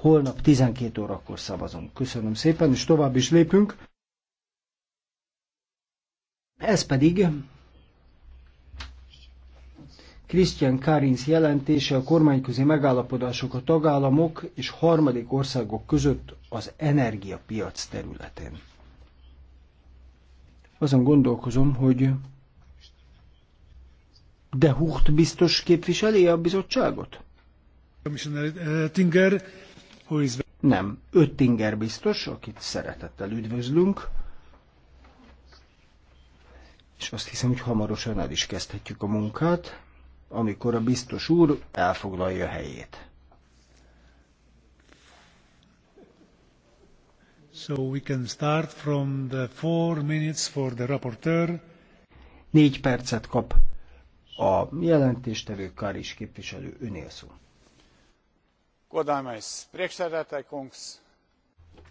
holnap 12 órakor szavazunk. Köszönöm szépen, és tovább is lépünk. Ez pedig Christian Karins jelentése a kormányközi megállapodások a tagállamok és harmadik országok között az energiapiac területén. Azon gondolkozom, hogy de Hucht biztos képviseli a bizottságot? Commissioner eh, Tinger, nem, Öttinger biztos, akit szeretettel üdvözlünk, és azt hiszem, hogy hamarosan el is kezdhetjük a munkát, amikor a biztos úr elfoglalja helyét. So we can start from the four minutes for the rapporteur. Négy percet kap a jelentéstevő Karis képviselő önél szó.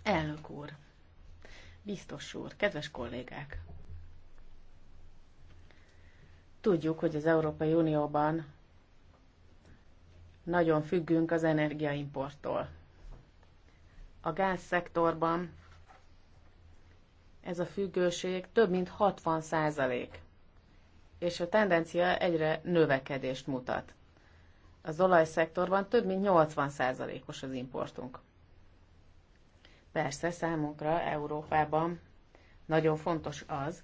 Elnök úr! Biztos úr! Kedves kollégák! Tudjuk, hogy az Európai Unióban nagyon függünk az energiaimporttól. A gázszektorban ez a függőség több mint 60 százalék, és a tendencia egyre növekedést mutat az olajszektorban több mint 80%-os az importunk. Persze számunkra Európában nagyon fontos az,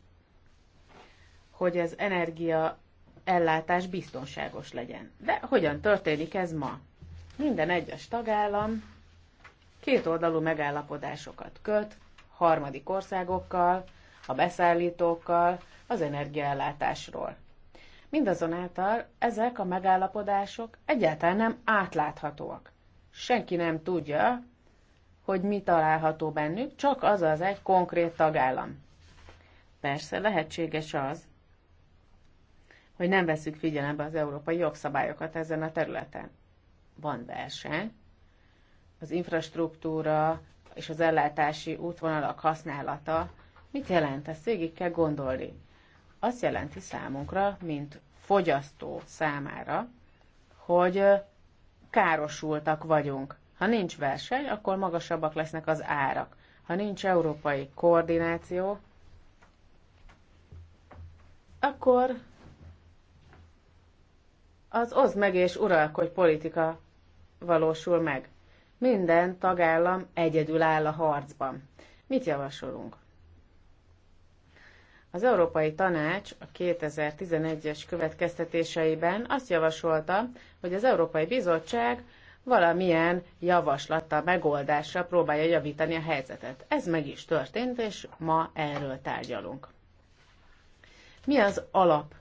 hogy az energia ellátás biztonságos legyen. De hogyan történik ez ma? Minden egyes tagállam kétoldalú megállapodásokat köt harmadik országokkal, a beszállítókkal az energiaellátásról. Mindazonáltal ezek a megállapodások egyáltalán nem átláthatóak. Senki nem tudja, hogy mi található bennük, csak az az egy konkrét tagállam. Persze lehetséges az, hogy nem veszük figyelembe az európai jogszabályokat ezen a területen. Van verseny, az infrastruktúra és az ellátási útvonalak használata. Mit jelent? Ezt végig kell gondolni azt jelenti számunkra, mint fogyasztó számára, hogy károsultak vagyunk. Ha nincs verseny, akkor magasabbak lesznek az árak. Ha nincs európai koordináció, akkor az oz meg és uralkodj politika valósul meg. Minden tagállam egyedül áll a harcban. Mit javasolunk? Az Európai Tanács a 2011-es következtetéseiben azt javasolta, hogy az Európai Bizottság valamilyen javaslattal, megoldásra próbálja javítani a helyzetet. Ez meg is történt, és ma erről tárgyalunk. Mi az alap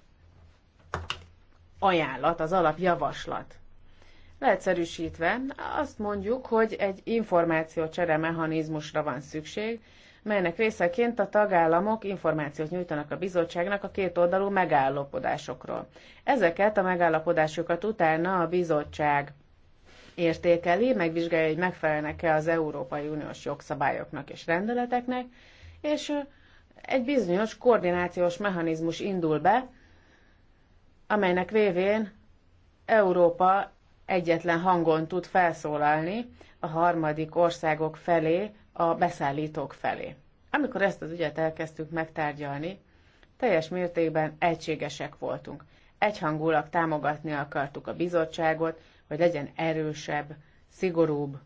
ajánlat, az alapjavaslat? Leegyszerűsítve azt mondjuk, hogy egy információcsere mechanizmusra van szükség, melynek részeként a tagállamok információt nyújtanak a bizottságnak a kétoldalú megállapodásokról. Ezeket a megállapodásokat utána a bizottság értékeli, megvizsgálja, hogy megfelelnek-e az Európai Uniós jogszabályoknak és rendeleteknek, és egy bizonyos koordinációs mechanizmus indul be, amelynek révén Európa egyetlen hangon tud felszólalni a harmadik országok felé a beszállítók felé. Amikor ezt az ügyet elkezdtük megtárgyalni, teljes mértékben egységesek voltunk. Egyhangulag támogatni akartuk a bizottságot, hogy legyen erősebb, szigorúbb.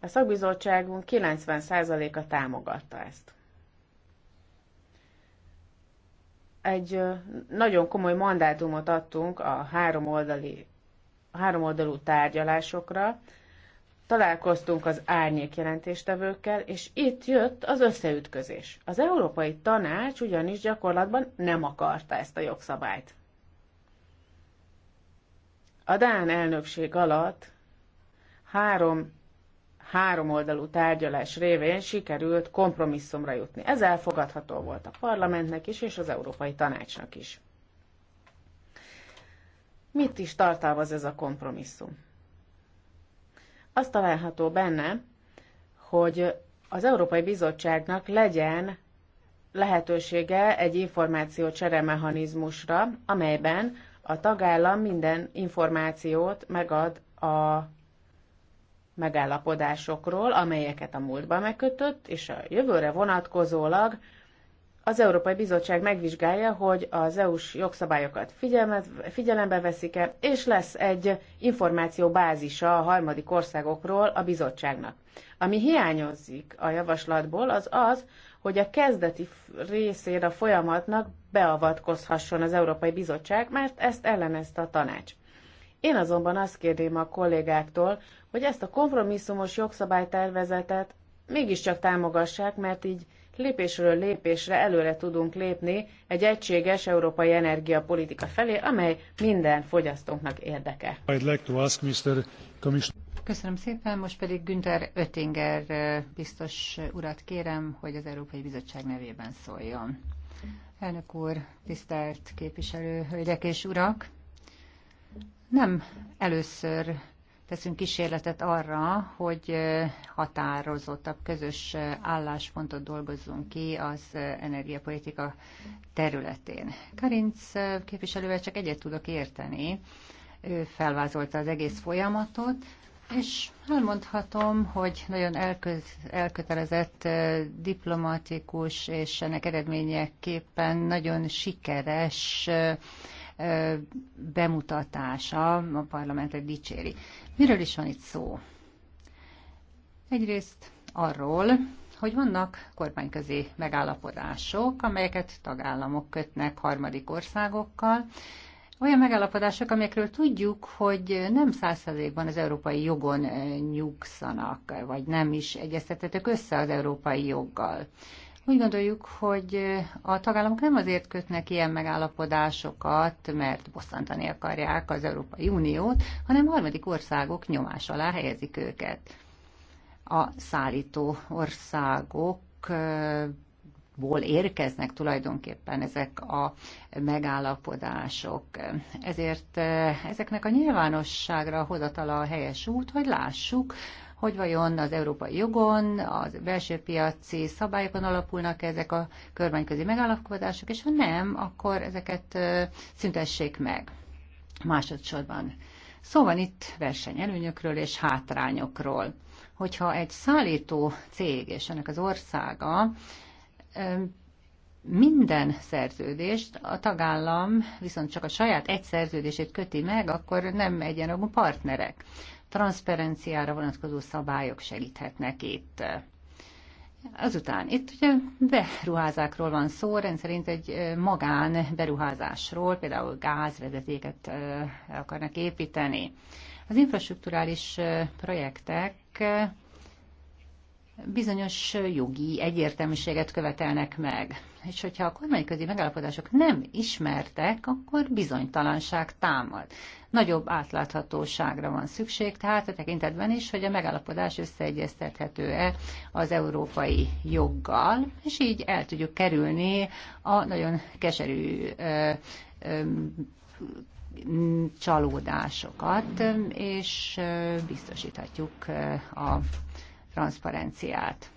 A szakbizottságunk 90%-a támogatta ezt. Egy nagyon komoly mandátumot adtunk a három, oldali, a három oldalú tárgyalásokra, találkoztunk az árnyék jelentéstevőkkel, és itt jött az összeütközés. Az Európai Tanács ugyanis gyakorlatban nem akarta ezt a jogszabályt. A Dán elnökség alatt három háromoldalú tárgyalás révén sikerült kompromisszumra jutni. Ez elfogadható volt a parlamentnek is, és az Európai Tanácsnak is. Mit is tartalmaz ez a kompromisszum? az található benne, hogy az Európai Bizottságnak legyen lehetősége egy információ mechanizmusra, amelyben a tagállam minden információt megad a megállapodásokról, amelyeket a múltban megkötött, és a jövőre vonatkozólag az Európai Bizottság megvizsgálja, hogy az EU-s jogszabályokat figyelembe veszik-e, és lesz egy információbázisa a harmadik országokról a bizottságnak. Ami hiányozik a javaslatból, az az, hogy a kezdeti részére a folyamatnak beavatkozhasson az Európai Bizottság, mert ezt ellenezte a tanács. Én azonban azt kérném a kollégáktól, hogy ezt a kompromisszumos jogszabálytervezetet mégiscsak támogassák, mert így lépésről lépésre előre tudunk lépni egy egységes európai energiapolitika felé, amely minden fogyasztónknak érdeke. Köszönöm szépen, most pedig Günther Oettinger biztos urat kérem, hogy az Európai Bizottság nevében szóljon. Elnök úr, tisztelt képviselő, hölgyek és urak! Nem először teszünk kísérletet arra, hogy határozottabb közös álláspontot dolgozzunk ki az energiapolitika területén. Karinc képviselővel csak egyet tudok érteni. Ő felvázolta az egész folyamatot, és elmondhatom, hogy nagyon elkö- elkötelezett, diplomatikus, és ennek eredményeképpen nagyon sikeres bemutatása a parlamentet dicséri. Miről is van itt szó? Egyrészt arról, hogy vannak kormányközi megállapodások, amelyeket tagállamok kötnek harmadik országokkal, olyan megállapodások, amelyekről tudjuk, hogy nem százszerzékban az európai jogon nyugszanak, vagy nem is egyeztetetek össze az európai joggal. Úgy gondoljuk, hogy a tagállamok nem azért kötnek ilyen megállapodásokat, mert bosszantani akarják az Európai Uniót, hanem harmadik országok nyomás alá helyezik őket. A szállító országokból érkeznek tulajdonképpen ezek a megállapodások. Ezért eh, ezeknek a nyilvánosságra hozatala a helyes út, hogy lássuk, hogy vajon az európai jogon, az belső piaci szabályokon alapulnak ezek a kormányközi megállapodások, és ha nem, akkor ezeket szüntessék meg. Másodszorban. szóval, van itt versenyelőnyökről és hátrányokról. Hogyha egy szállító cég és ennek az országa minden szerződést, a tagállam viszont csak a saját egy szerződését köti meg, akkor nem egyenrangú partnerek transzperenciára vonatkozó szabályok segíthetnek itt. Azután itt ugye beruházákról van szó, rendszerint egy magán beruházásról, például gázvezetéket akarnak építeni. Az infrastruktúrális projektek bizonyos jogi egyértelműséget követelnek meg és hogyha a kormányközi megállapodások nem ismertek, akkor bizonytalanság támad. Nagyobb átláthatóságra van szükség, tehát a tekintetben is, hogy a megállapodás összeegyeztethető-e az európai joggal, és így el tudjuk kerülni a nagyon keserű ö, ö, csalódásokat, és biztosíthatjuk a transzparenciát.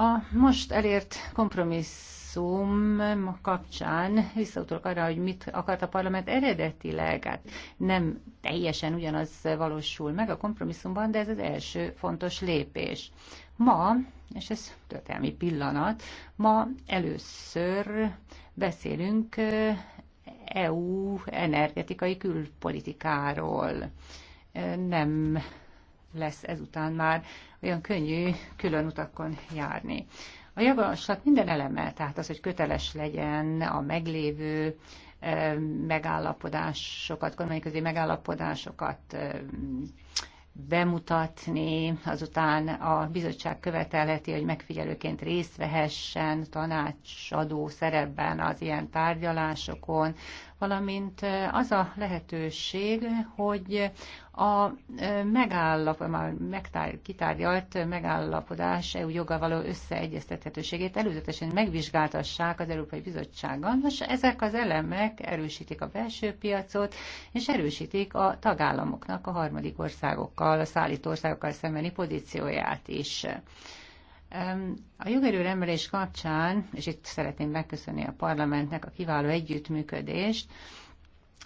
A most elért kompromisszum kapcsán visszautolok arra, hogy mit akart a parlament eredetileg. Hát nem teljesen ugyanaz valósul meg a kompromisszumban, de ez az első fontos lépés. Ma, és ez történelmi pillanat, ma először beszélünk eh, EU energetikai külpolitikáról. Nem lesz ezután már olyan könnyű külön utakon járni. A javaslat minden eleme, tehát az, hogy köteles legyen a meglévő eh, megállapodásokat, közé megállapodásokat eh, bemutatni, azután a bizottság követelheti, hogy megfigyelőként részt vehessen tanácsadó szerepben az ilyen tárgyalásokon, valamint az a lehetőség, hogy a megállap, már megtár, kitárgyalt megállapodás EU joga való összeegyeztethetőségét előzetesen megvizsgáltassák az Európai Bizottsággal. Most ezek az elemek erősítik a belső piacot, és erősítik a tagállamoknak a harmadik országokkal, a szállító országokkal szembeni pozícióját is. A jogerő emelés kapcsán, és itt szeretném megköszönni a parlamentnek a kiváló együttműködést,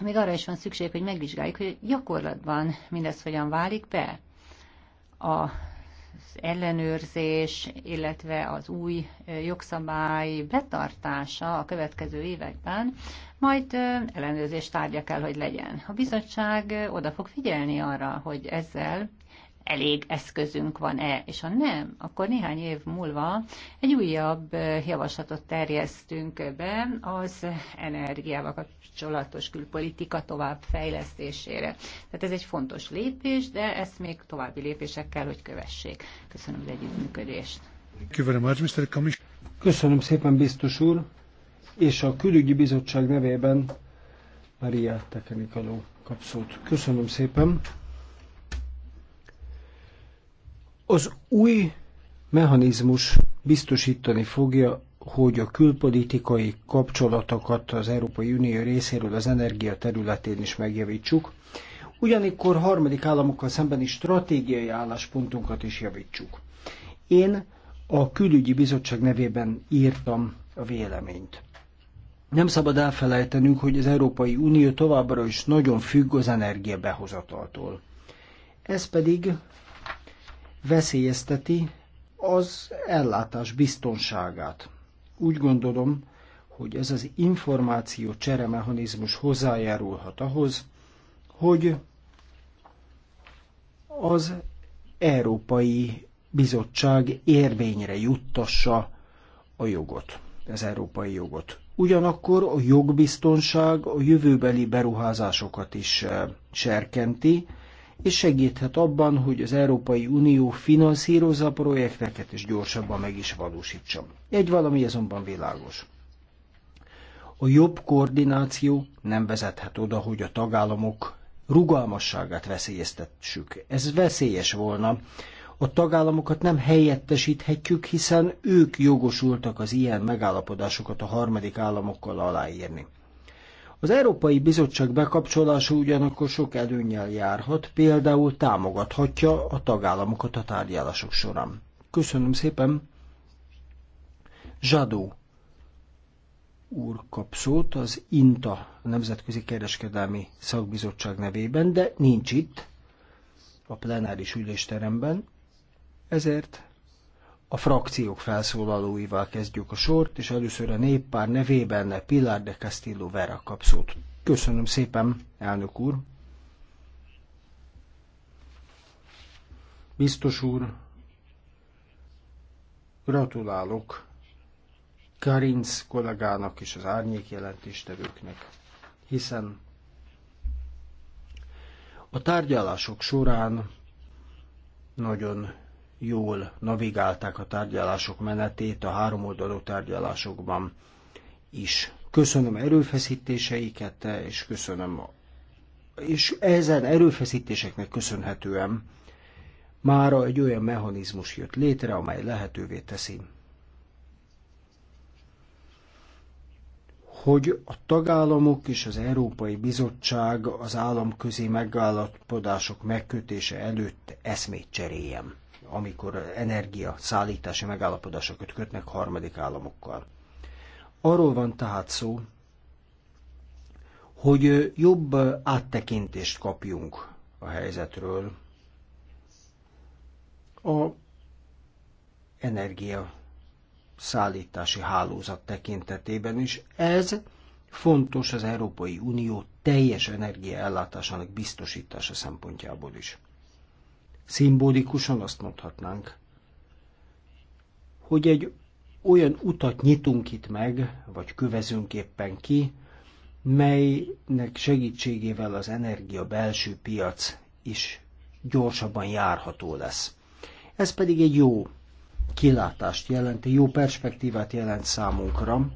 még arra is van szükség, hogy megvizsgáljuk, hogy gyakorlatban mindez hogyan válik be. A az ellenőrzés, illetve az új jogszabály betartása a következő években, majd ellenőrzés tárgya kell, hogy legyen. A bizottság oda fog figyelni arra, hogy ezzel elég eszközünk van-e, és ha nem, akkor néhány év múlva egy újabb javaslatot terjesztünk be az energiával kapcsolatos külpolitika továbbfejlesztésére. Tehát ez egy fontos lépés, de ezt még további lépésekkel, hogy kövessék. Köszönöm az együttműködést. Köszönöm szépen, biztos úr, és a külügyi bizottság nevében Maria Tefenikaló kapszót. Köszönöm szépen. Az új mechanizmus biztosítani fogja, hogy a külpolitikai kapcsolatokat az Európai Unió részéről az energia területén is megjavítsuk, ugyanikkor harmadik államokkal szembeni stratégiai álláspontunkat is javítsuk. Én a külügyi bizottság nevében írtam a véleményt. Nem szabad elfelejtenünk, hogy az Európai Unió továbbra is nagyon függ az energia behozataltól. Ez pedig veszélyezteti az ellátás biztonságát. Úgy gondolom, hogy ez az információ cseremechanizmus hozzájárulhat ahhoz, hogy az Európai Bizottság érvényre juttassa a jogot, az európai jogot. Ugyanakkor a jogbiztonság a jövőbeli beruházásokat is eh, serkenti, és segíthet abban, hogy az Európai Unió finanszírozza a projekteket, és gyorsabban meg is valósítsa. Egy valami azonban világos. A jobb koordináció nem vezethet oda, hogy a tagállamok rugalmasságát veszélyeztetsük. Ez veszélyes volna. A tagállamokat nem helyettesíthetjük, hiszen ők jogosultak az ilyen megállapodásokat a harmadik államokkal aláírni. Az Európai Bizottság bekapcsolása ugyanakkor sok előnyel járhat, például támogathatja a tagállamokat a tárgyalások során. Köszönöm szépen! Zsadó úr kap szót az INTA Nemzetközi Kereskedelmi Szakbizottság nevében, de nincs itt a plenáris ülésteremben, ezért a frakciók felszólalóival kezdjük a sort, és először a néppár nevében Pilar de Castillo Vera kap szót. Köszönöm szépen, elnök úr! Biztos úr, gratulálok Karinc kollégának és az árnyék jelentéstevőknek, hiszen a tárgyalások során nagyon jól navigálták a tárgyalások menetét a háromoldalú tárgyalásokban is. Köszönöm erőfeszítéseiket, és köszönöm és ezen erőfeszítéseknek köszönhetően mára egy olyan mechanizmus jött létre, amely lehetővé teszi, hogy a tagállamok és az Európai Bizottság az államközi megállapodások megkötése előtt eszmét cseréljen amikor energia szállítási megállapodásokat kötnek harmadik államokkal. Arról van tehát szó, hogy jobb áttekintést kapjunk a helyzetről a energia szállítási hálózat tekintetében is. Ez fontos az Európai Unió teljes energiaellátásának biztosítása szempontjából is szimbolikusan azt mondhatnánk, hogy egy olyan utat nyitunk itt meg, vagy kövezünk éppen ki, melynek segítségével az energia belső piac is gyorsabban járható lesz. Ez pedig egy jó kilátást jelenti, jó perspektívát jelent számunkra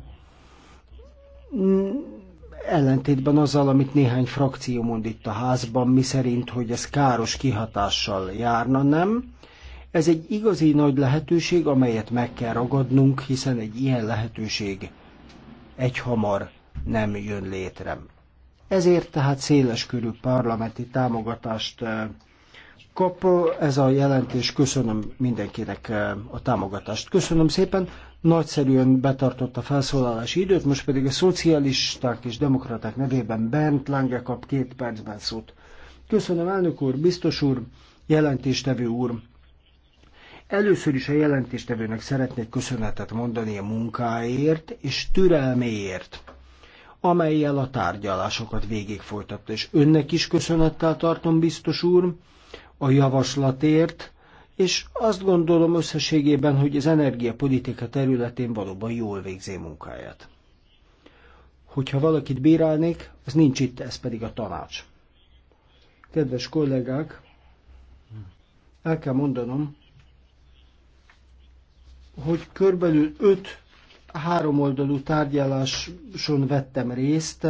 ellentétben azzal, amit néhány frakció mond itt a házban, mi szerint, hogy ez káros kihatással járna, nem? Ez egy igazi nagy lehetőség, amelyet meg kell ragadnunk, hiszen egy ilyen lehetőség egy hamar nem jön létre. Ezért tehát széleskörű parlamenti támogatást eh, kap ez a jelentés. Köszönöm mindenkinek eh, a támogatást. Köszönöm szépen nagyszerűen betartotta felszólalási időt, most pedig a szocialisták és demokraták nevében Bernd Lange kap két percben szót. Köszönöm, elnök úr, biztos úr, jelentéstevő úr. Először is a jelentéstevőnek szeretnék köszönetet mondani a munkáért és türelméért, amelyel a tárgyalásokat végig folytatta. És önnek is köszönettel tartom, biztos úr, a javaslatért, és azt gondolom összességében, hogy az energiapolitika területén valóban jól végzi munkáját. Hogyha valakit bírálnék, az nincs itt, ez pedig a tanács. Kedves kollégák, el kell mondanom, hogy körülbelül 5 háromoldalú tárgyaláson vettem részt,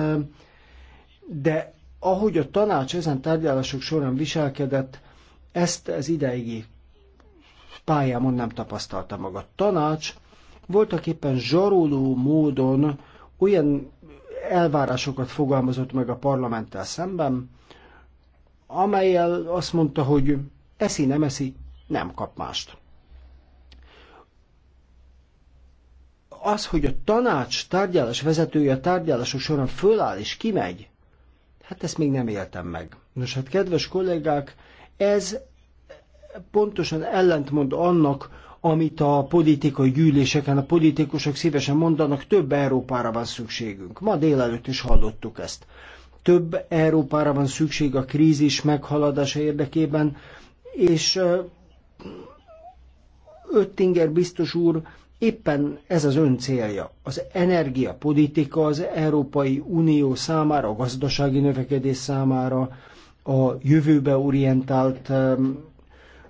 de ahogy a tanács ezen tárgyalások során viselkedett, ezt az ideigi pályámon nem tapasztalta maga. Tanács voltak éppen zsaroló módon olyan elvárásokat fogalmazott meg a parlamenttel szemben, amelyel azt mondta, hogy eszi, nem eszi, nem kap mást. Az, hogy a tanács tárgyalás vezetője a tárgyalások során föláll és kimegy, hát ezt még nem éltem meg. Nos, hát kedves kollégák, ez pontosan ellentmond annak, amit a politikai gyűléseken a politikusok szívesen mondanak, több Európára van szükségünk. Ma délelőtt is hallottuk ezt. Több Európára van szükség a krízis meghaladása érdekében, és Öttinger biztos úr Éppen ez az ön célja. Az energiapolitika az Európai Unió számára, a gazdasági növekedés számára, a jövőbe orientált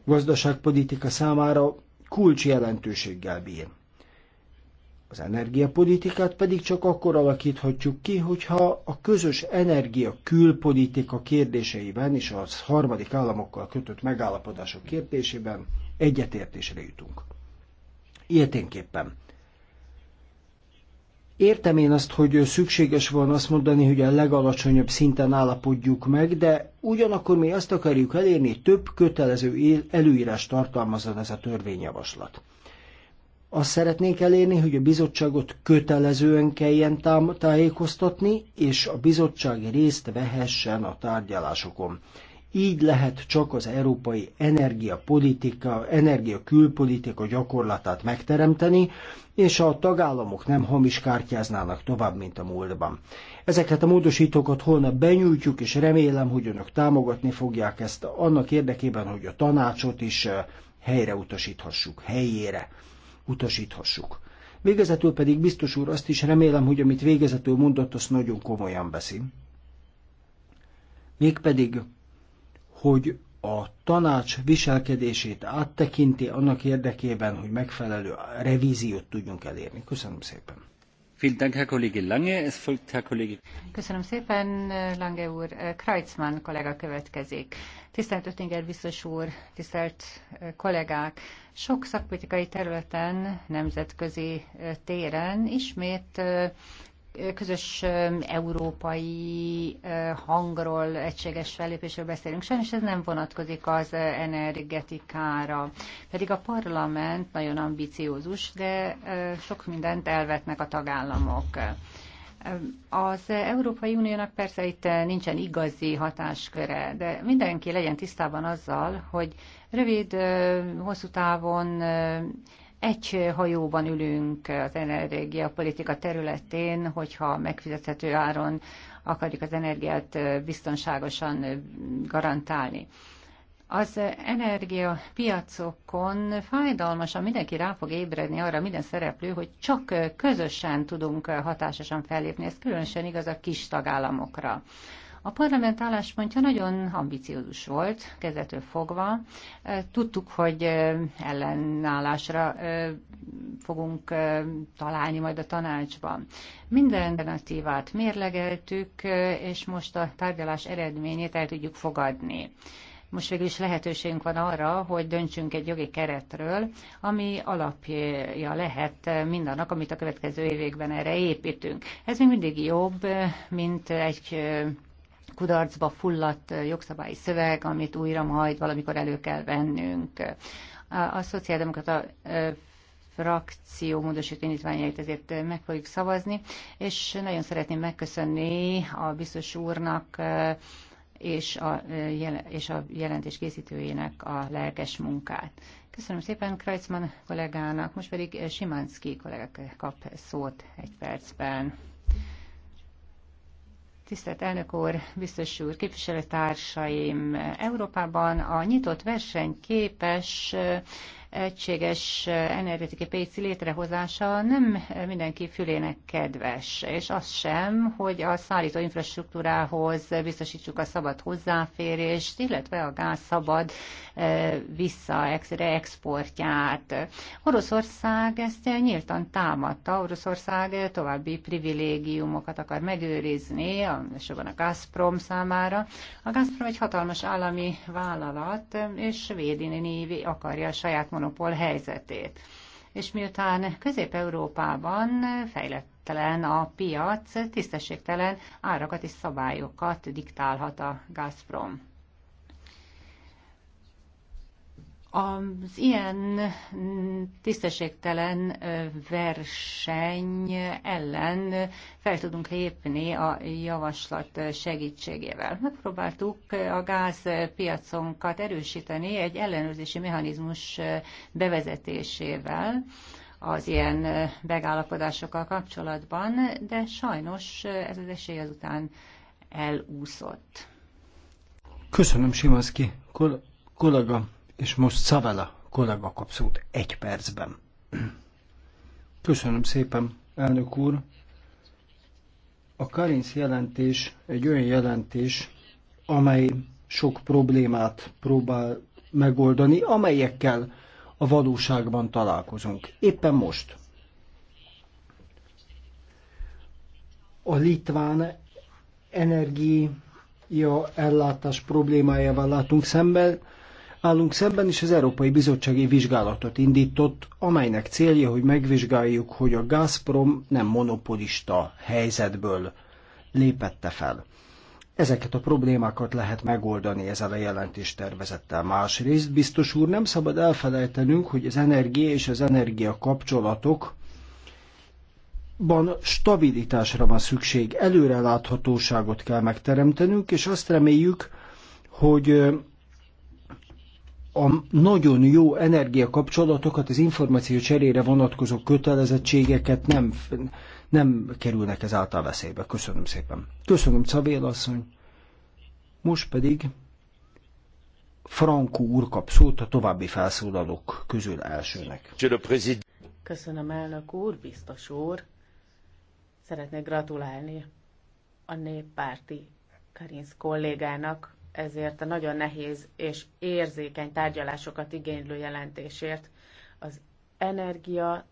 gazdaságpolitika számára kulcs jelentőséggel bír. Az energiapolitikát pedig csak akkor alakíthatjuk ki, hogyha a közös energia külpolitika kérdéseiben és az harmadik államokkal kötött megállapodások kérdésében egyetértésre jutunk. Ilyeténképpen Értem én azt, hogy szükséges van azt mondani, hogy a legalacsonyabb szinten állapodjuk meg, de ugyanakkor mi azt akarjuk elérni, hogy több kötelező előírás tartalmazzon ez a törvényjavaslat. Azt szeretnénk elérni, hogy a bizottságot kötelezően kelljen tájékoztatni, és a bizottság részt vehessen a tárgyalásokon. Így lehet csak az európai energiapolitika, energia külpolitika gyakorlatát megteremteni, és a tagállamok nem hamis kártyáznának tovább, mint a múltban. Ezeket a módosítókat holnap benyújtjuk, és remélem, hogy önök támogatni fogják ezt annak érdekében, hogy a tanácsot is eh, helyre utasíthassuk, helyére utasíthassuk. Végezetül pedig biztos úr azt is remélem, hogy amit végezetül mondott, azt nagyon komolyan veszi. Mégpedig hogy a tanács viselkedését áttekinti annak érdekében, hogy megfelelő revíziót tudjunk elérni. Köszönöm szépen. Köszönöm szépen, Lange úr. Kreitzmann kollega következik. Tisztelt Öttinger biztos úr, tisztelt eh, kollégák! Sok szakpolitikai területen, nemzetközi eh, téren ismét eh, közös európai hangról, egységes fellépésről beszélünk, sajnos ez nem vonatkozik az energetikára. Pedig a parlament nagyon ambiciózus, de sok mindent elvetnek a tagállamok. Az Európai Uniónak persze itt nincsen igazi hatásköre, de mindenki legyen tisztában azzal, hogy rövid, hosszú távon egy hajóban ülünk az energiapolitika területén, hogyha megfizethető áron akarjuk az energiát biztonságosan garantálni. Az energiapiacokon fájdalmasan mindenki rá fog ébredni arra minden szereplő, hogy csak közösen tudunk hatásosan fellépni. Ez különösen igaz a kis tagállamokra. A parlament álláspontja nagyon ambiciózus volt, kezdetől fogva. Tudtuk, hogy ellenállásra fogunk találni majd a tanácsban. Minden alternatívát mérlegeltük, és most a tárgyalás eredményét el tudjuk fogadni. Most végül is lehetőségünk van arra, hogy döntsünk egy jogi keretről, ami alapja lehet mindannak, amit a következő években erre építünk. Ez még mindig jobb, mint egy kudarcba fulladt jogszabályi szöveg, amit újra majd valamikor elő kell vennünk. A, a szociáldemokrata frakció módosító indítványait ezért meg fogjuk szavazni, és nagyon szeretném megköszönni a biztos úrnak és a, és a jelentés készítőjének a lelkes munkát. Köszönöm szépen Kreitzmann kollégának, most pedig Simánszki kollégák kap szót egy percben. Tisztelt elnök úr, biztos úr, képviselőtársaim! Európában a nyitott verseny képes egységes energetikai PC létrehozása nem mindenki fülének kedves, és az sem, hogy a szállító infrastruktúrához biztosítsuk a szabad hozzáférést, illetve a gáz szabad eh, vissza exportját. Oroszország ezt nyíltan támadta, Oroszország további privilégiumokat akar megőrizni, elsősorban a Gazprom számára. A Gazprom egy hatalmas állami vállalat, és védini akarja a saját monopóliumát monopól helyzetét. És miután Közép-Európában fejlettelen a piac, tisztességtelen árakat és szabályokat diktálhat a Gazprom. Az ilyen mm, tisztességtelen verseny ellen fel tudunk lépni a javaslat segítségével. Megpróbáltuk a gázpiaconkat erősíteni egy ellenőrzési mechanizmus bevezetésével az ilyen megállapodásokkal kapcsolatban, de sajnos ez az esély azután elúszott. Köszönöm, Simaszki, kollega. És most Szavela kollega kap szót egy percben. Köszönöm szépen, elnök úr. A Karinsz jelentés egy olyan jelentés, amely sok problémát próbál megoldani, amelyekkel a valóságban találkozunk. Éppen most. A litván energia ellátás problémájával látunk szemben, állunk szemben, is az Európai Bizottsági Vizsgálatot indított, amelynek célja, hogy megvizsgáljuk, hogy a Gazprom nem monopolista helyzetből lépette fel. Ezeket a problémákat lehet megoldani ezzel a jelentéstervezettel. Másrészt, biztos úr, nem szabad elfelejtenünk, hogy az energia és az energia kapcsolatok Ban stabilitásra van szükség, előreláthatóságot kell megteremtenünk, és azt reméljük, hogy a nagyon jó energiakapcsolatokat, az információ cserére vonatkozó kötelezettségeket nem, nem kerülnek ez által veszélybe. Köszönöm szépen. Köszönöm, Czavél asszony. Most pedig Frankó úr kap szót a további felszólalók közül elsőnek. Köszönöm, elnök úr, biztos úr. Szeretnék gratulálni a néppárti Karinsz kollégának ezért a nagyon nehéz és érzékeny tárgyalásokat igénylő jelentésért. Az energia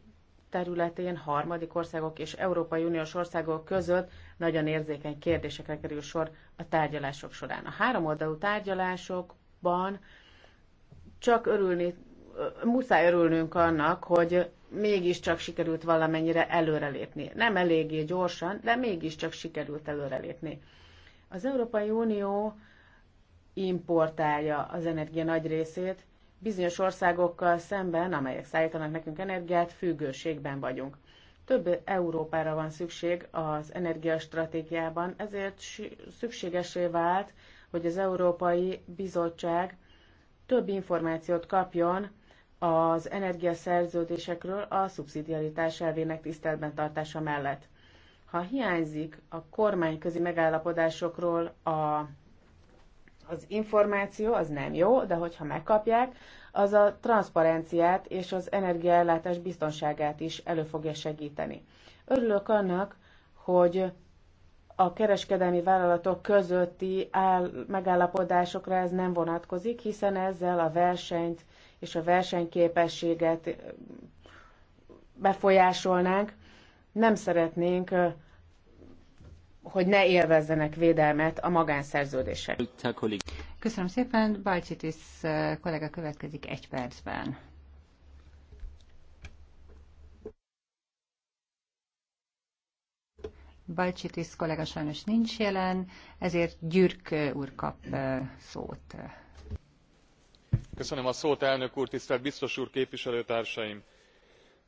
területén harmadik országok és Európai Uniós országok között nagyon érzékeny kérdésekre kerül sor a tárgyalások során. A három oldalú tárgyalásokban csak örülni, muszáj örülnünk annak, hogy mégiscsak sikerült valamennyire előrelépni. Nem eléggé gyorsan, de mégiscsak sikerült előrelépni. Az Európai Unió importálja az energia nagy részét, bizonyos országokkal szemben, amelyek szállítanak nekünk energiát, függőségben vagyunk. Több Európára van szükség az energiastratégiában, ezért szükségesé vált, hogy az Európai Bizottság több információt kapjon az energiaszerződésekről a szubszidiaritás elvének tiszteletben tartása mellett. Ha hiányzik a kormányközi megállapodásokról a az információ az nem jó, de hogyha megkapják, az a transzparenciát és az energiaellátás biztonságát is elő fogja segíteni. Örülök annak, hogy a kereskedelmi vállalatok közötti áll, megállapodásokra ez nem vonatkozik, hiszen ezzel a versenyt és a versenyképességet befolyásolnánk. Nem szeretnénk hogy ne élvezzenek védelmet a magánszerződések. Köszönöm szépen, Balcsitis kollega következik egy percben. Balcsitis kollega sajnos nincs jelen, ezért Gyürk úr kap szót. Köszönöm a szót, elnök úr, tisztelt biztos úr, képviselőtársaim!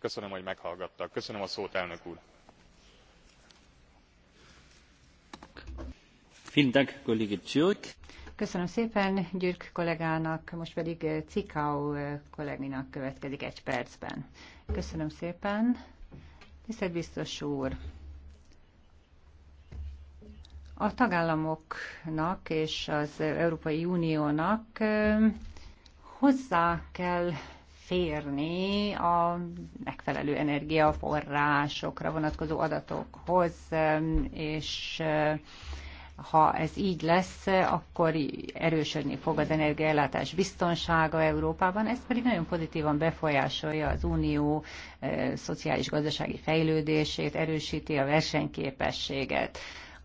köszönöm hogy meghallgattak. köszönöm a szót elnök úr! Köszönöm szépen Gyürk kollégának, most pedig eh, Cikau eh, kolléginak következik egy percben. Köszönöm szépen. Tisztelt biztos úr! A tagállamoknak és az Európai Uniónak eh, hozzá kell férni a megfelelő energiaforrásokra vonatkozó adatokhoz, és ha ez így lesz, akkor erősödni fog az energiaellátás biztonsága Európában, ez pedig nagyon pozitívan befolyásolja az unió szociális-gazdasági fejlődését, erősíti a versenyképességet.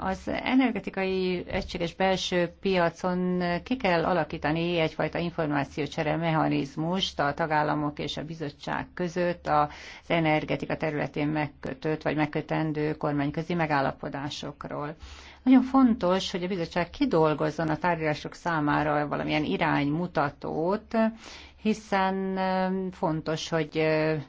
Az energetikai egységes belső piacon ki kell alakítani egyfajta információcsere mechanizmust a tagállamok és a bizottság között az energetika területén megkötött vagy megkötendő kormányközi megállapodásokról. Nagyon fontos, hogy a bizottság kidolgozzon a tárgyalások számára valamilyen iránymutatót, hiszen fontos, hogy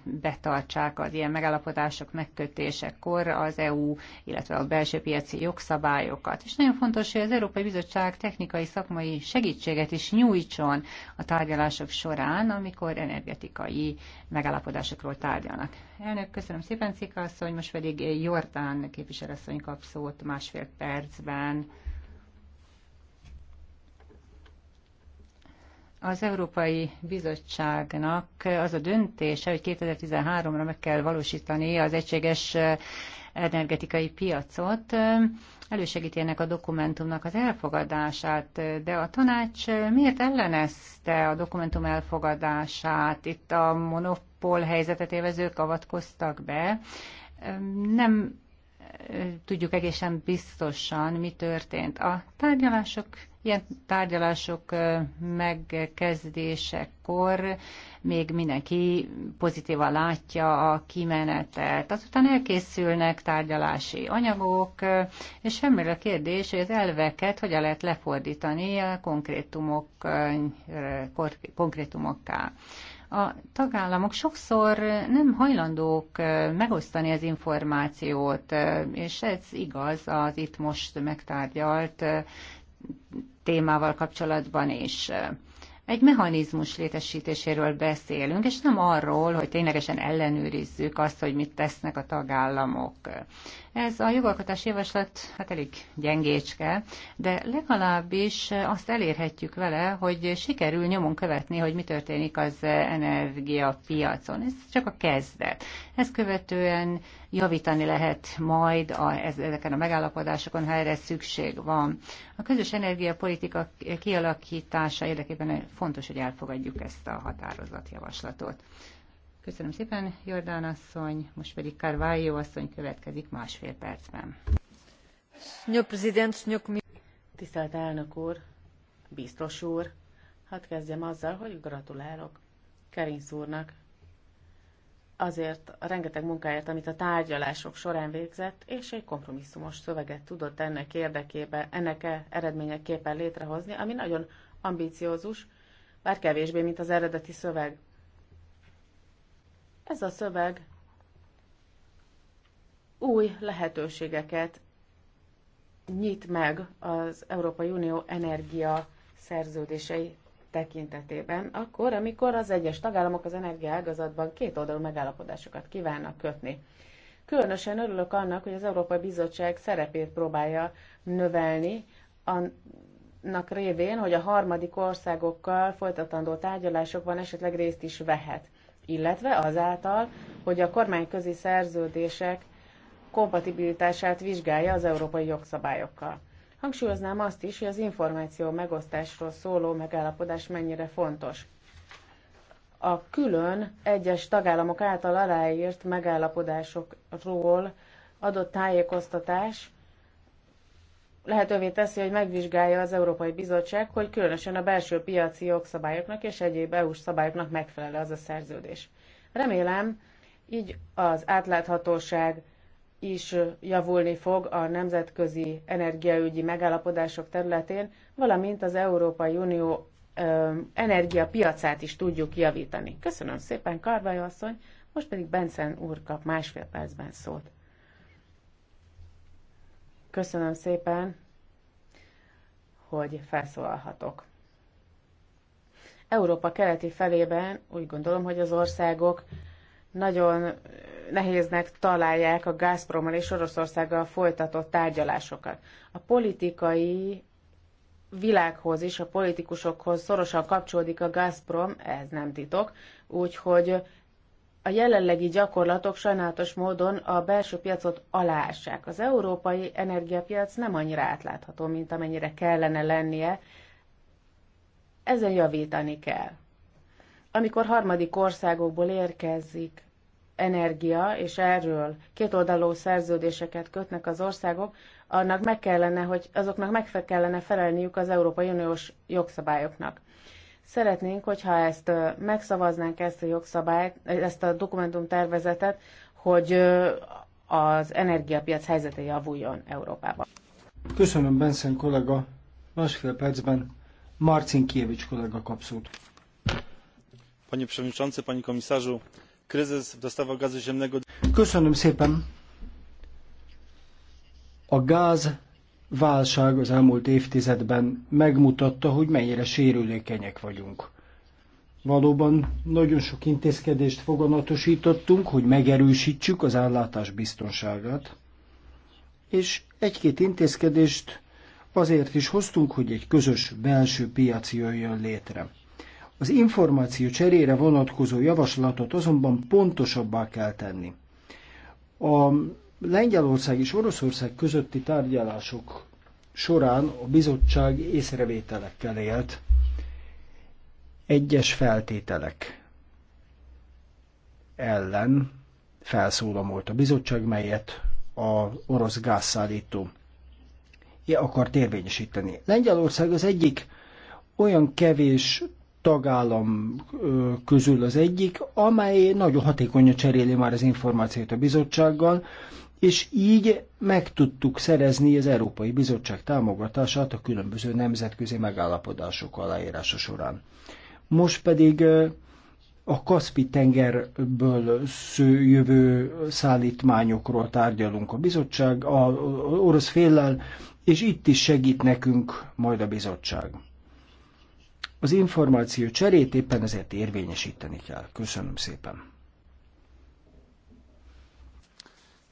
betartsák az ilyen megállapodások megkötésekor az EU, illetve a belső piaci jogszabályokat. És nagyon fontos, hogy az Európai Bizottság technikai szakmai segítséget is nyújtson a tárgyalások során, amikor energetikai megállapodásokról tárgyalnak. Elnök, köszönöm szépen, Cika asszony, most pedig Jordán képviselőasszony kap szót másfél percben. Az Európai Bizottságnak az a döntése, hogy 2013-ra meg kell valósítani az egységes energetikai piacot, elősegíti ennek a dokumentumnak az elfogadását, de a tanács miért ellenezte a dokumentum elfogadását? Itt a monopól helyzetet évezők avatkoztak be. Nem tudjuk egészen biztosan, mi történt. A tárgyalások Ilyen tárgyalások megkezdésekor még mindenki pozitívan látja a kimenetet. Azután elkészülnek tárgyalási anyagok, és felmerül a kérdés, hogy az elveket hogyan lehet lefordítani a konkrétumok, konkrétumokká a tagállamok sokszor nem hajlandók megosztani az információt, és ez igaz az itt most megtárgyalt témával kapcsolatban is. Egy mechanizmus létesítéséről beszélünk, és nem arról, hogy ténylegesen ellenőrizzük azt, hogy mit tesznek a tagállamok. Ez a jogalkotás javaslat hát elég gyengécske, de legalábbis azt elérhetjük vele, hogy sikerül nyomon követni, hogy mi történik az energiapiacon. Ez csak a kezdet. Ezt követően javítani lehet majd a, ezeken a megállapodásokon, ha erre szükség van. A közös energiapolitika kialakítása érdekében fontos, hogy elfogadjuk ezt a határozatjavaslatot. Köszönöm szépen, Jordán asszony, most pedig Carvalho asszony következik másfél percben. Tisztelt elnök úr, biztos úr, hadd kezdjem azzal, hogy gratulálok Kerinc úrnak azért a rengeteg munkáért, amit a tárgyalások során végzett, és egy kompromisszumos szöveget tudott ennek érdekében, ennek e- eredményeképpen létrehozni, ami nagyon ambíciózus, bár kevésbé, mint az eredeti szöveg. Ez a szöveg új lehetőségeket nyit meg az Európai Unió energia szerződései tekintetében, akkor, amikor az egyes tagállamok az energiaágazatban két oldalú megállapodásokat kívánnak kötni. Különösen örülök annak, hogy az Európai Bizottság szerepét próbálja növelni, annak révén, hogy a harmadik országokkal folytatandó tárgyalásokban esetleg részt is vehet illetve azáltal, hogy a kormányközi szerződések kompatibilitását vizsgálja az európai jogszabályokkal. Hangsúlyoznám azt is, hogy az információ megosztásról szóló megállapodás mennyire fontos. A külön egyes tagállamok által aláírt megállapodásokról adott tájékoztatás lehetővé teszi, hogy megvizsgálja az Európai Bizottság, hogy különösen a belső piaci jogszabályoknak és egyéb EU-s szabályoknak megfelel az a szerződés. Remélem, így az átláthatóság is javulni fog a nemzetközi energiaügyi megállapodások területén, valamint az Európai Unió ö, energiapiacát is tudjuk javítani. Köszönöm szépen, Karvai asszony, most pedig Benson úr kap másfél percben szót. Köszönöm szépen, hogy felszólalhatok. Európa keleti felében úgy gondolom, hogy az országok nagyon nehéznek találják a Gazprommal és Oroszországgal folytatott tárgyalásokat. A politikai világhoz is, a politikusokhoz szorosan kapcsolódik a Gazprom, ez nem titok, úgyhogy a jelenlegi gyakorlatok sajnálatos módon a belső piacot aláássák. Az európai energiapiac nem annyira átlátható, mint amennyire kellene lennie. Ezen javítani kell. Amikor harmadik országokból érkezik energia, és erről kétoldalú szerződéseket kötnek az országok, annak meg kellene, hogy azoknak meg kellene felelniük az Európai Uniós jogszabályoknak. Szeretnénk, hogyha ezt megszavaznánk, ezt a jogszabályt, ezt a dokumentumtervezetet, hogy az energiapiac helyzete javuljon Európában. Köszönöm, Benson kollega. Másfél percben Marcin Kiewicz kollega kapszót. Panie Przewodniczący, Panie Komisarzu, kryzys w dostawach gazu ziemnego... Köszönöm szépen. A gáz válság az elmúlt évtizedben megmutatta, hogy mennyire sérülékenyek vagyunk. Valóban nagyon sok intézkedést foganatosítottunk, hogy megerősítsük az ellátás biztonságát, és egy-két intézkedést azért is hoztunk, hogy egy közös belső piac jöjjön létre. Az információ cserére vonatkozó javaslatot azonban pontosabbá kell tenni. A Lengyelország és Oroszország közötti tárgyalások során a bizottság észrevételekkel élt. Egyes feltételek ellen felszólamolt a bizottság, melyet a orosz gázszállító akart érvényesíteni. Lengyelország az egyik olyan kevés tagállam közül az egyik, amely nagyon hatékonyan cseréli már az információt a bizottsággal, és így meg tudtuk szerezni az Európai Bizottság támogatását a különböző nemzetközi megállapodások aláírása során. Most pedig a Kaspi tengerből jövő szállítmányokról tárgyalunk a bizottság, a, orosz féllel, és itt is segít nekünk majd a bizottság. Az információ cserét éppen ezért érvényesíteni kell. Köszönöm szépen!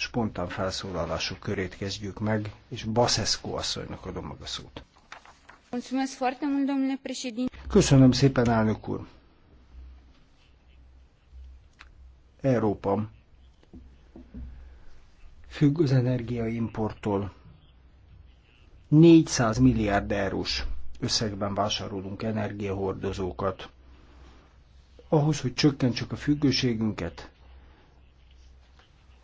spontán felszólalások körét kezdjük meg, és Baszeszko asszonynak adom meg a szót. Köszönöm szépen, elnök úr! Európa függ az energiaimporttól. 400 milliárd eurós összegben vásárolunk energiahordozókat. Ahhoz, hogy csökkentsük a függőségünket,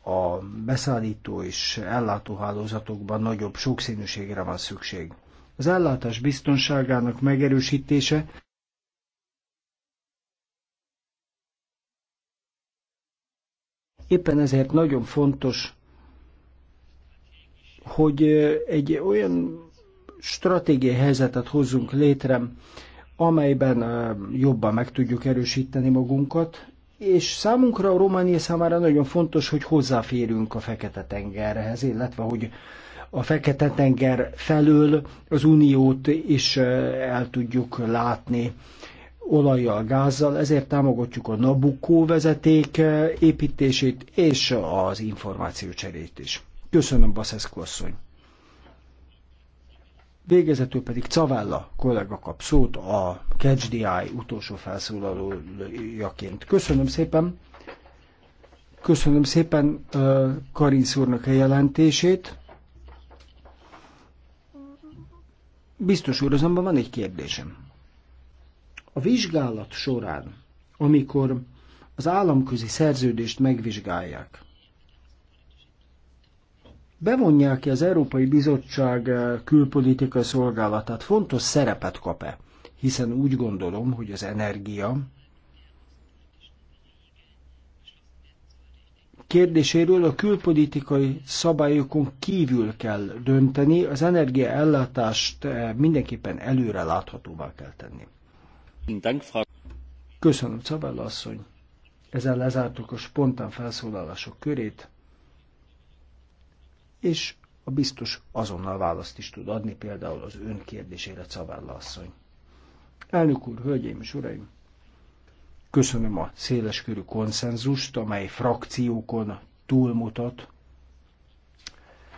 a beszállító és ellátóhálózatokban nagyobb sokszínűségre van szükség. Az ellátás biztonságának megerősítése éppen ezért nagyon fontos, hogy egy olyan stratégiai helyzetet hozzunk létre, amelyben jobban meg tudjuk erősíteni magunkat, és számunkra, a Románia számára nagyon fontos, hogy hozzáférünk a Fekete-tengerhez, illetve hogy a Fekete-tenger felől az Uniót is el tudjuk látni olajjal, gázzal, ezért támogatjuk a Nabucco vezeték építését és az információcserét is. Köszönöm, Baszeszko asszony! Végezetül pedig Cavella kollega kap szót a CatchDI utolsó felszólalójaként. Köszönöm szépen! Köszönöm szépen Karin szúrnak a jelentését. Biztos úr, azonban van egy kérdésem. A vizsgálat során, amikor az államközi szerződést megvizsgálják, bevonják-e az Európai Bizottság eh, külpolitikai szolgálatát? Fontos szerepet kap-e? Hiszen úgy gondolom, hogy az energia kérdéséről a külpolitikai szabályokon kívül kell dönteni, az energiaellátást eh, mindenképpen előre láthatóvá kell tenni. Köszönöm, Szabella asszony! Ezzel lezártuk a spontán felszólalások körét és a biztos azonnal választ is tud adni, például az ön kérdésére Cavella asszony. Elnök úr, hölgyeim és uraim! Köszönöm a széleskörű konszenzust, amely frakciókon túlmutat.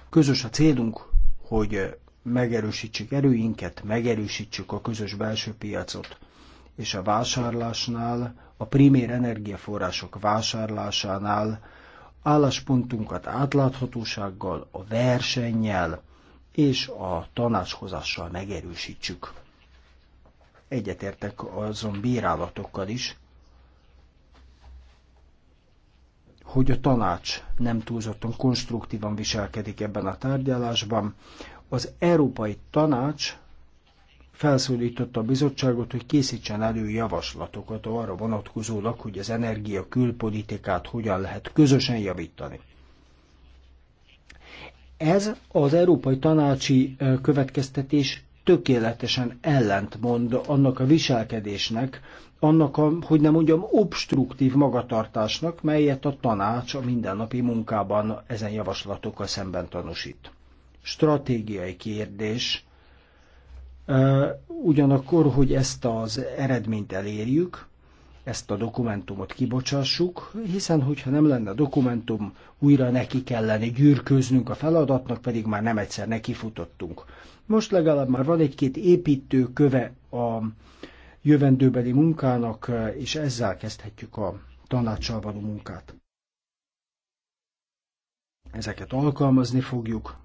Közös a célunk, hogy megerősítsük erőinket, megerősítsük a közös belső piacot, és a vásárlásnál, a primér energiaforrások vásárlásánál álláspontunkat átláthatósággal, a versennyel és a tanácskozással megerősítsük. Egyetértek azon bírálatokkal is, hogy a tanács nem túlzottan konstruktívan viselkedik ebben a tárgyalásban. Az Európai Tanács felszólította a bizottságot, hogy készítsen elő javaslatokat arra vonatkozólag, hogy az energia külpolitikát hogyan lehet közösen javítani. Ez az Európai Tanácsi következtetés tökéletesen ellentmond annak a viselkedésnek, annak a, hogy nem mondjam, obstruktív magatartásnak, melyet a tanács a mindennapi munkában ezen javaslatokkal szemben tanúsít. Stratégiai kérdés Ugyanakkor, hogy ezt az eredményt elérjük, ezt a dokumentumot kibocsássuk, hiszen hogyha nem lenne dokumentum, újra neki kellene gyűrköznünk a feladatnak, pedig már nem egyszer nekifutottunk. Most legalább már van egy-két építő köve a jövendőbeli munkának, és ezzel kezdhetjük a tanácsal való munkát. Ezeket alkalmazni fogjuk,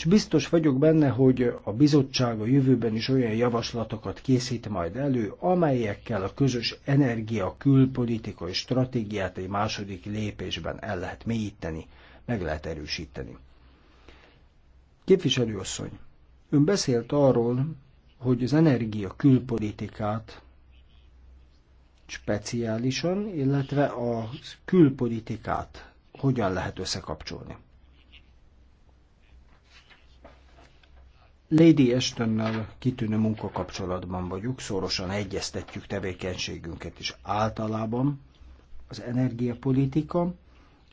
és biztos vagyok benne, hogy a bizottság a jövőben is olyan javaslatokat készít majd elő, amelyekkel a közös energia, külpolitika és stratégiát egy második lépésben el lehet mélyíteni, meg lehet erősíteni. Képviselőasszony, ön beszélt arról, hogy az energia külpolitikát speciálisan, illetve a külpolitikát hogyan lehet összekapcsolni. Lady Estonnal kitűnő kapcsolatban vagyunk, szorosan egyeztetjük tevékenységünket, és általában az energiapolitika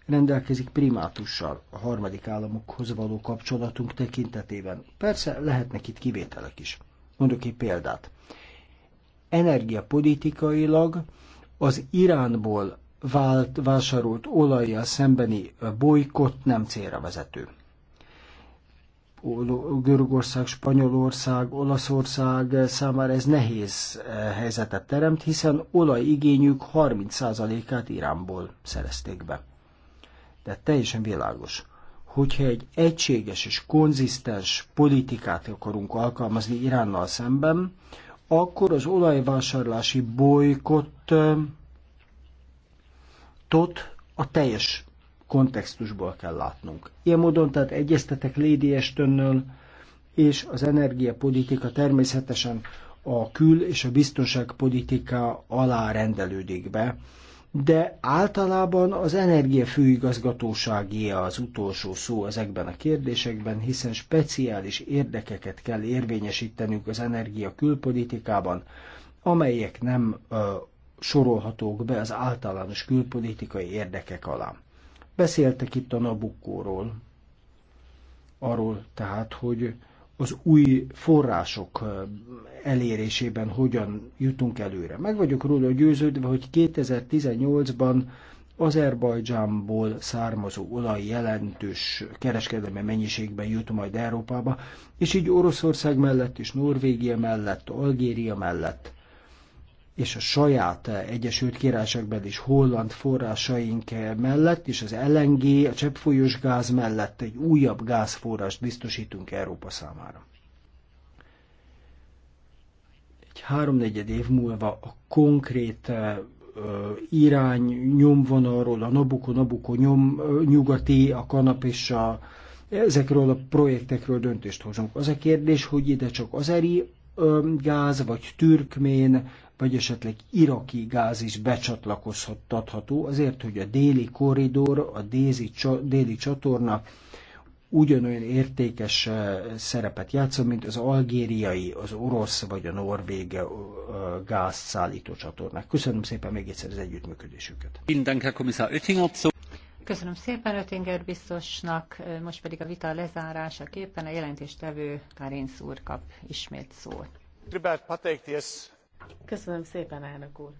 rendelkezik primátussal a harmadik államokhoz való kapcsolatunk tekintetében. Persze lehetnek itt kivételek is. Mondok egy példát. Energiapolitikailag az Iránból vált, vásárolt olajjal szembeni bolykott nem célra vezető. Görögország, Spanyolország, Olaszország számára ez nehéz eh, helyzetet teremt, hiszen olajigényük 30%-át Iránból szerezték be. De teljesen világos, hogyha egy egységes és konzisztens politikát akarunk alkalmazni Iránnal szemben, akkor az olajvásárlási eh, tot a teljes kontextusból kell látnunk. Ilyen módon tehát egyeztetek Lady Estonnal, és az energiapolitika természetesen a kül- és a biztonságpolitika alá rendelődik be, de általában az energiafőigazgatóságé az utolsó szó ezekben a kérdésekben, hiszen speciális érdekeket kell érvényesítenünk az energia külpolitikában, amelyek nem ö, sorolhatók be az általános külpolitikai érdekek alá. Beszéltek itt a Nabukkóról, arról tehát, hogy az új források elérésében hogyan jutunk előre. Meg vagyok róla győződve, hogy 2018-ban Azerbajdzsánból származó olaj jelentős kereskedelmi mennyiségben jut majd Európába, és így Oroszország mellett és Norvégia mellett, Algéria mellett és a saját Egyesült Királyságban is holland forrásaink mellett, és az LNG, a cseppfolyós gáz mellett egy újabb gázforrást biztosítunk Európa számára. Egy háromnegyed év múlva a konkrét irány nyomvonalról, a Nabucco-Nabucco nyom, nyugati, a kanap és a, ezekről a projektekről döntést hozunk. Az a kérdés, hogy ide csak azeri gáz, vagy türkmén, vagy esetleg iraki gáz is becsatlakozható, azért, hogy a déli korridor, a dézi, déli csatorna ugyanolyan értékes eh, szerepet játszom, mint az algériai, az orosz vagy a norvég eh, gázszállító csatornák. Köszönöm szépen még egyszer az együttműködésüket. Köszönöm szépen Ötinger biztosnak, eh, most pedig a vita Lezárása képen a jelentéstevő Karinsz úr kap ismét szót. Köszönöm szépen, elnök úr.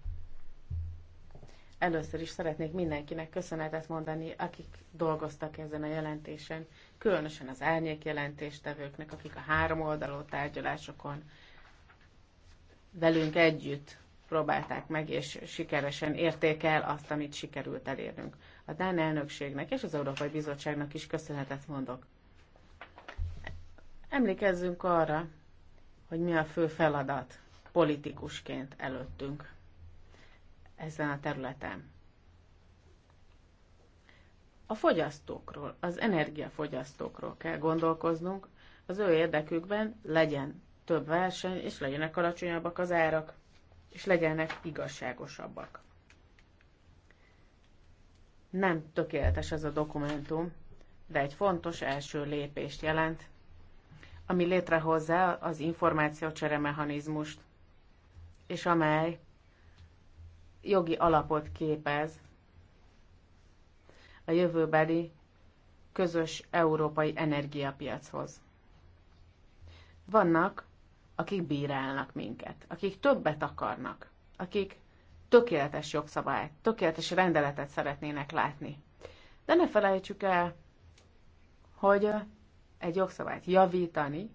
Először is szeretnék mindenkinek köszönetet mondani, akik dolgoztak ezen a jelentésen, különösen az árnyék jelentéstevőknek, akik a három oldalú tárgyalásokon velünk együtt próbálták meg, és sikeresen érték el azt, amit sikerült elérnünk. A Dán elnökségnek és az Európai Bizottságnak is köszönetet mondok. Emlékezzünk arra, hogy mi a fő feladat politikusként előttünk ezen a területen. A fogyasztókról, az energiafogyasztókról kell gondolkoznunk, az ő érdekükben legyen több verseny, és legyenek alacsonyabbak az árak, és legyenek igazságosabbak. Nem tökéletes ez a dokumentum, de egy fontos első lépést jelent, ami létrehozza az információcsere mechanizmust, és amely jogi alapot képez a jövőbeli közös európai energiapiachoz. Vannak, akik bírálnak minket, akik többet akarnak, akik tökéletes jogszabályt, tökéletes rendeletet szeretnének látni. De ne felejtsük el, hogy egy jogszabályt javítani,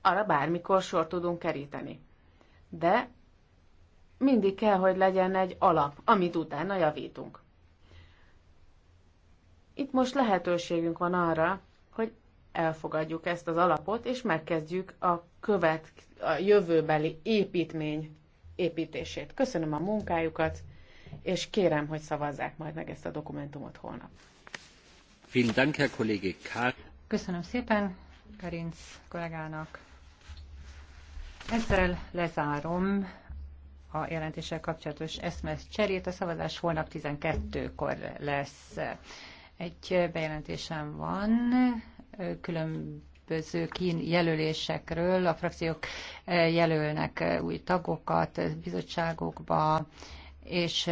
arra bármikor sor tudunk keríteni de mindig kell, hogy legyen egy alap, amit utána javítunk. Itt most lehetőségünk van arra, hogy elfogadjuk ezt az alapot, és megkezdjük a követ, a jövőbeli építmény építését. Köszönöm a munkájukat, és kérem, hogy szavazzák majd meg ezt a dokumentumot holnap. Köszönöm szépen Karinc kollégának. Ezzel lezárom a jelentéssel kapcsolatos eszmes cserét. A szavazás holnap 12-kor lesz. Egy bejelentésem van, különböző kín jelölésekről. A frakciók jelölnek új tagokat bizottságokba, és